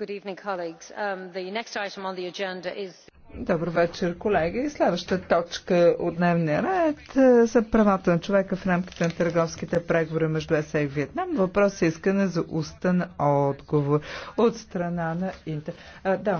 Um, Добър вечер, колеги. Следващата точка от дневния ред са е, правата на човека в рамките на търговските преговори между ЕСА и Виетнам. Въпрос е искане за устен отговор от страна на Интер. Да,